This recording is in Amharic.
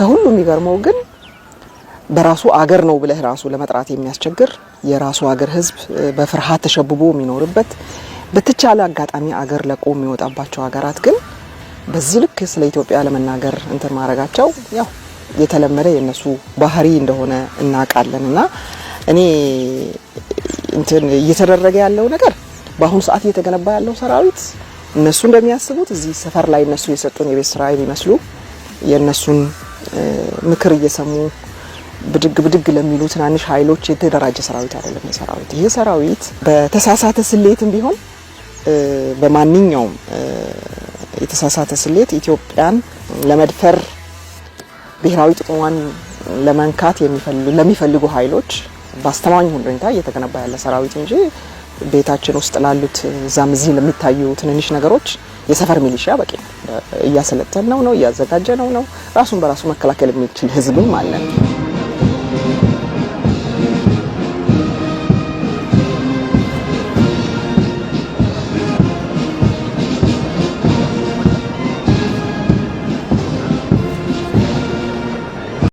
ከሁሉ የሚገርመው ግን በራሱ አገር ነው ብለህ ራሱ ለመጥራት የሚያስቸግር የራሱ አገር ህዝብ በፍርሃት ተሸብቦ የሚኖርበት በተቻለ አጋጣሚ አገር ለቆ የሚወጣባቸው ሀገራት ግን በዚህ ልክ ስለ ኢትዮጵያ ለመናገር እንትን ማድረጋቸው ያው የተለመደ የእነሱ ባህሪ እንደሆነ እናውቃለን። እና እኔ እንትን እየተደረገ ያለው ነገር በአሁኑ ሰዓት እየተገነባ ያለው ሰራዊት እነሱ እንደሚያስቡት እዚህ ሰፈር ላይ እነሱ የሰጡን የቤት ስራ የሚመስሉ የእነሱን ምክር እየሰሙ ብድግ ብድግ ለሚሉ ትናንሽ ኃይሎች የተደራጀ ሰራዊት አይደለም። ሰራዊት ይህ ሰራዊት በተሳሳተ ስሌትም ቢሆን በማንኛውም የተሳሳተ ስሌት ኢትዮጵያን ለመድፈር ብሔራዊ ጥቅሟን ለመንካት ለሚፈልጉ ኃይሎች በአስተማማኝ ሁኔታ እየተገነባ ያለ ሰራዊት እንጂ ቤታችን ውስጥ ላሉት እዛም እዚህ ለሚታዩ ትንንሽ ነገሮች የሰፈር ሚሊሻ በቂ እያሰለጠን ነው ነው እያዘጋጀ ነው ነው ራሱን በራሱ መከላከል የሚችል ህዝብም አለን።